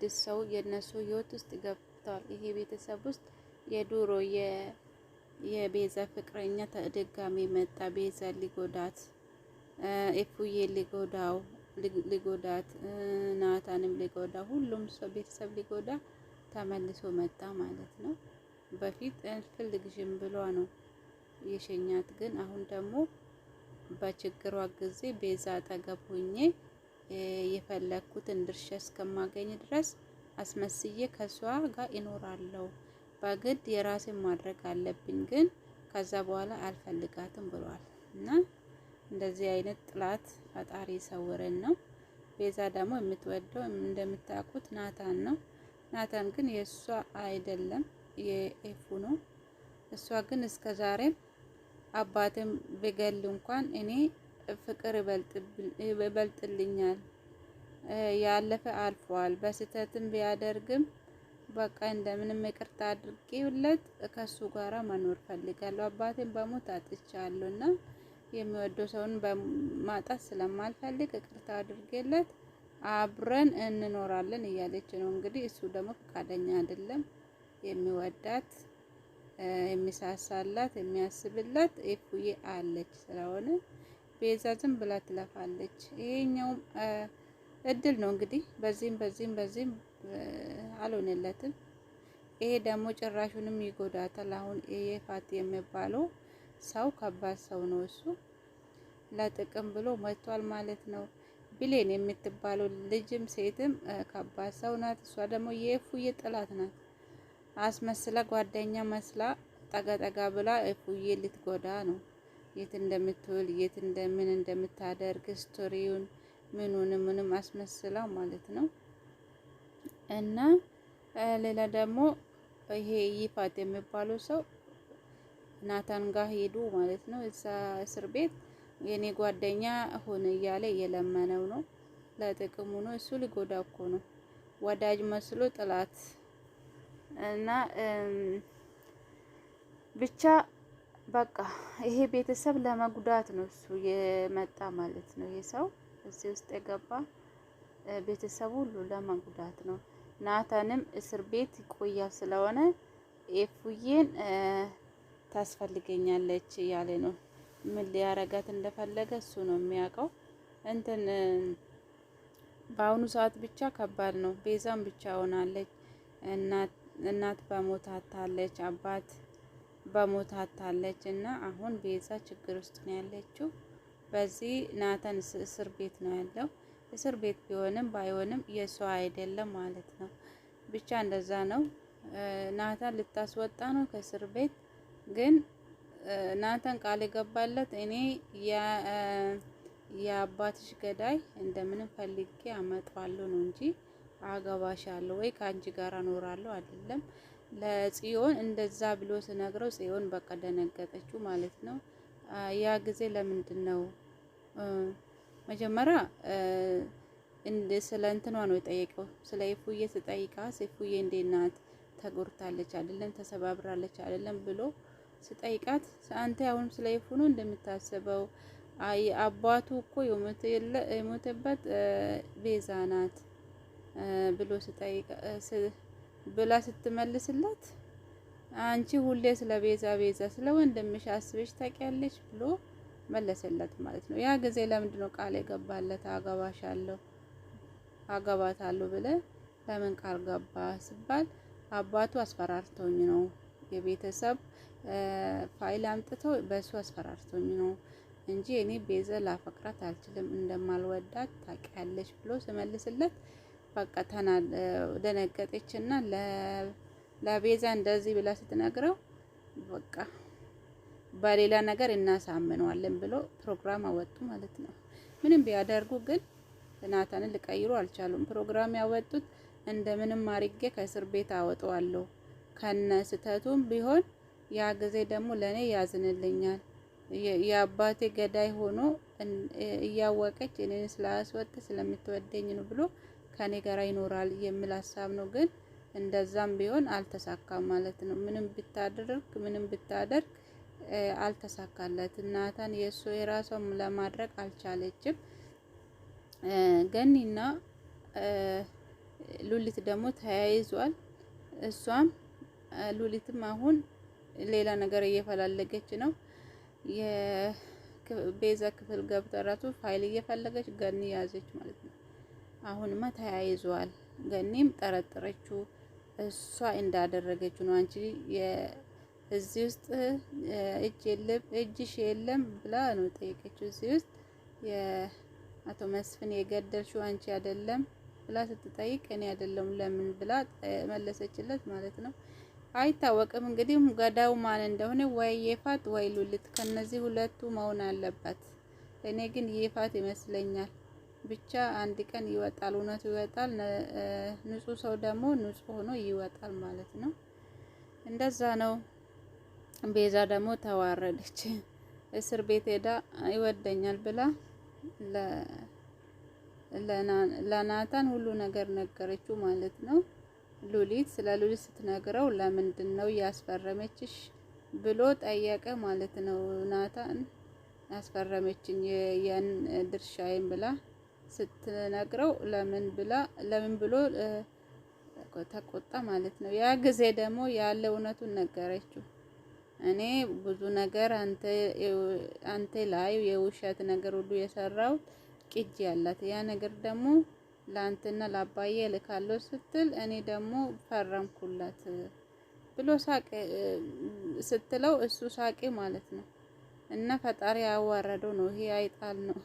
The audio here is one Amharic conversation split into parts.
ስድስት ሰው የነሱ ህይወት ውስጥ ገብቷል። ይሄ ቤተሰብ ውስጥ የዱሮ የቤዛ ፍቅረኛ ተደጋሚ መጣ። ቤዛ ሊጎዳት፣ ኤፉዬ ሊጎዳው ሊጎዳት፣ ናታንም ሊጎዳ፣ ሁሉም ሰው ቤተሰብ ሊጎዳ ተመልሶ መጣ ማለት ነው። በፊት አልፈልግሽም ብሏ ነው የሸኛት። ግን አሁን ደግሞ በችግሯ ጊዜ ቤዛ አጠገብ ሆኜ የፈለግኩትን ድርሻ እስከማገኝ ድረስ አስመስዬ ከሷ ጋር ይኖራለሁ። በግድ የራሴን ማድረግ አለብኝ፣ ግን ከዛ በኋላ አልፈልጋትም ብሏል እና እንደዚህ አይነት ጥላት ፈጣሪ ይሰውረን ነው። ቤዛ ደግሞ የምትወደው እንደምታውቁት ናታን ነው። ናታን ግን የእሷ አይደለም የኤፉ ነው። እሷ ግን እስከ ዛሬም አባትም ብገል እንኳን እኔ ፍቅር ይበልጥልኛል። ያለፈ አልፏል። በስህተትም ቢያደርግም በቃ እንደምንም ይቅርታ አድርጌለት ከሱ ጋራ መኖር ፈልጋለሁ። አባቴን በሞት አጥቻለሁ እና የሚወደው ሰውን ማጣት ስለማልፈልግ ይቅርታ አድርጌለት አብረን እንኖራለን እያለች ነው እንግዲህ። እሱ ደግሞ ፈቃደኛ አይደለም። የሚወዳት የሚሳሳላት፣ የሚያስብላት ፉዬ አለች ስለሆነ ቤዛ ዝም ብላ ትለፋለች። ይሄኛውም እድል ነው እንግዲህ በዚህም በዚህም በዚህም አልሆነለትም። ይሄ ደግሞ ጭራሹንም ይጎዳታል። አሁን ይሄ ፋት የሚባለው ሰው ከባድ ሰው ነው። እሱ ለጥቅም ብሎ መጥቷል ማለት ነው። ብሌን የምትባለው ልጅም ሴትም ከባድ ሰው ናት። እሷ ደግሞ የፉዬ ጥላት ናት። አስመስላ ጓደኛ መስላ ጠጋጠጋ ብላ ፉዬ ልትጎዳ ነው። የት እንደምትውል የት እንደምን እንደምታደርግ ስቶሪውን ምኑን ምንም አስመስለው ማለት ነው። እና ሌላ ደግሞ ይሄ ይፋት የሚባለው ሰው ናታን ጋር ሄዱ ማለት ነው። እዛ እስር ቤት የኔ ጓደኛ ሆነ እያለ እየለመነው ነው። ለጥቅሙ ነው። እሱ ሊጎዳ እኮ ነው። ወዳጅ መስሎ ጥላት እና ብቻ በቃ ይሄ ቤተሰብ ለመጉዳት ነው እሱ የመጣ ማለት ነው። ይሄ ሰው እዚህ ውስጥ የገባ ቤተሰቡ ሁሉ ለመጉዳት ነው። ናታንም እስር ቤት ይቆያል ስለሆነ ኤፉዬን ታስፈልገኛለች እያለ ነው። ምን ሊያረጋት እንደፈለገ እሱ ነው የሚያውቀው። እንትን በአሁኑ ሰዓት ብቻ ከባድ ነው። ቤዛም ብቻ ሆናለች። እናት እናት በሞት አታለች አባት በሞታታለች እና አሁን ቤዛ ችግር ውስጥ ነው ያለችው። በዚህ ናተን እስር ቤት ነው ያለው። እስር ቤት ቢሆንም ባይሆንም የሷ አይደለም ማለት ነው። ብቻ እንደዛ ነው። ናታን ልታስወጣ ነው ከእስር ቤት ግን ናታን ቃል የገባለት እኔ የአባትሽ ገዳይ እንደምንም ፈልጌ አመጣዋለሁ ነው እንጂ አገባሻለሁ ወይ ከአንቺ ጋር እኖራለሁ አይደለም ለጽዮን እንደዛ ብሎ ስነግረው ጽዮን በቃ ደነገጠችው ማለት ነው። ያ ጊዜ ለምንድን ነው መጀመሪያ እንደ ስለ እንትኗ ነው የጠየቀው። ስለ ኢፉዬ ስጠይቃ ኢፉዬ እንዴት ናት ተጎርታለች አይደለም ተሰባብራለች አይደለም ብሎ ስጠይቃት አንተ አሁን ስለ ኢፉ ነው እንደምታስበው? አይ አባቱ እኮ የሞተበት ቤዛ ናት ብሎ ስጠይቃ ብላ ስትመልስለት አንቺ ሁሌ ስለ ቤዛ ቤዛ ስለ ወንድምሽ አስበሽ ታውቂያለሽ ብሎ መለሰለት ማለት ነው። ያ ጊዜ ለምንድን ነው ቃል የገባለት አገባሻለሁ አገባታለሁ ብለ ለምን ቃል ገባ ሲባል አባቱ አስፈራርቶኝ ነው የቤተሰብ ፋይል አምጥተው በእሱ አስፈራርቶኝ ነው እንጂ እኔ ቤዛ ላፈቅራት አልችልም እንደማልወዳት ታውቂያለሽ ብሎ ስመልስለት በቃ ደነገጠች እና ለቤዛ እንደዚህ ብላ ስትነግረው በቃ በሌላ ነገር እናሳምነዋለን ብሎ ፕሮግራም አወጡ ማለት ነው። ምንም ቢያደርጉ ግን ናታንን ሊቀይሩ አልቻሉም። ፕሮግራም ያወጡት እንደምንም አርጌ ከእስር ቤት አወጣዋለሁ ከነ ስህተቱም ቢሆን ያ ጊዜ ደግሞ ለእኔ ያዝንልኛል። የአባቴ ገዳይ ሆኖ እያወቀች እኔን ስላስወጥ ስለምትወደኝ ነው ብሎ ከኔ ጋር ይኖራል የሚል ሀሳብ ነው። ግን እንደዛም ቢሆን አልተሳካም ማለት ነው። ምንም ብታደርግ ምንም ብታደርግ አልተሳካለት። ናታን የእሱ የራሷም ለማድረግ አልቻለችም። ገኒና ሉሊት ደግሞ ተያይዟል። እሷም ሉሊትም አሁን ሌላ ነገር እየፈላለገች ነው። የቤዛ ክፍል ገብታ ራሱ ፋይል እየፈለገች ገኒ ያዘች ማለት ነው። አሁንማ ተያይዘዋል። ገኒም ጠረጠረችው። እሷ እንዳደረገችው ነው። አንቺ እዚህ ውስጥ እጅ የለም እጅሽ የለም ብላ ነው ጠየቀችው። እዚህ ውስጥ የአቶ መስፍን የገደልሽው አንቺ አይደለም ብላ ስትጠይቅ እኔ አይደለም ለምን ብላ መለሰችለት ማለት ነው። አይታወቅም እንግዲህ ገዳው ማን እንደሆነ ወይ የፋት ወይ ሉሊት ከነዚህ ሁለቱ መሆን አለበት። እኔ ግን የፋት ይመስለኛል። ብቻ አንድ ቀን ይወጣል፣ እውነቱ ይወጣል። ንጹህ ሰው ደግሞ ንጹህ ሆኖ ይወጣል ማለት ነው። እንደዛ ነው። ቤዛ ደግሞ ተዋረደች። እስር ቤት ሄዳ ይወደኛል ብላ ለናታን ሁሉ ነገር ነገረችው ማለት ነው። ሉሊት ስለ ሉሊት ስትነግረው ለምንድን ነው ያስፈረመችሽ ብሎ ጠየቀ ማለት ነው። ናታን ያስፈረመችኝ ያን ድርሻዬን ብላ ስትነግረው ለምን ብላ ለምን ብሎ ተቆጣ ማለት ነው። ያ ጊዜ ደግሞ ያለ እውነቱን ነገረችው። እኔ ብዙ ነገር አንተ ላይ የውሸት ነገር ሁሉ የሰራው ቅጅ ያላት ያ ነገር ደግሞ ለአንተና ለአባዬ እልካለሁ ስትል እኔ ደግሞ ፈረምኩላት ብሎ ሳቄ ስትለው እሱ ሳቄ ማለት ነው። እና ፈጣሪ ያዋረደው ነው። ይሄ አይጣል ነው።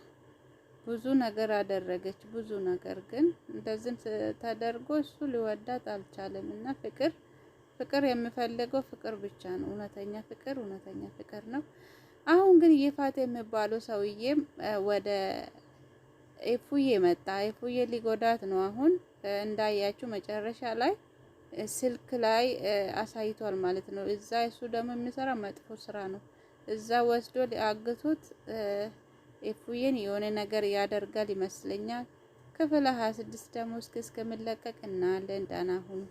ብዙ ነገር አደረገች። ብዙ ነገር ግን እንደዚህ ተደርጎ እሱ ሊወዳት አልቻለም። እና ፍቅር ፍቅር የምፈልገው ፍቅር ብቻ ነው። እውነተኛ ፍቅር እውነተኛ ፍቅር ነው። አሁን ግን ይፋት የሚባለው ሰውዬም ወደ ኤፉዬ መጣ። ኤፉዬ ሊጎዳት ነው። አሁን እንዳያችሁ መጨረሻ ላይ ስልክ ላይ አሳይቷል ማለት ነው። እዛ እሱ ደግሞ የሚሰራ መጥፎ ስራ ነው። እዛ ወስዶ ሊያግቱት ኤፉዬን የሆነ ነገር ያደርጋል ይመስለኛል። ክፍል 26 ደግሞ እስከ እስከምለቀቅ እናያለን። ደህና ሁኑ።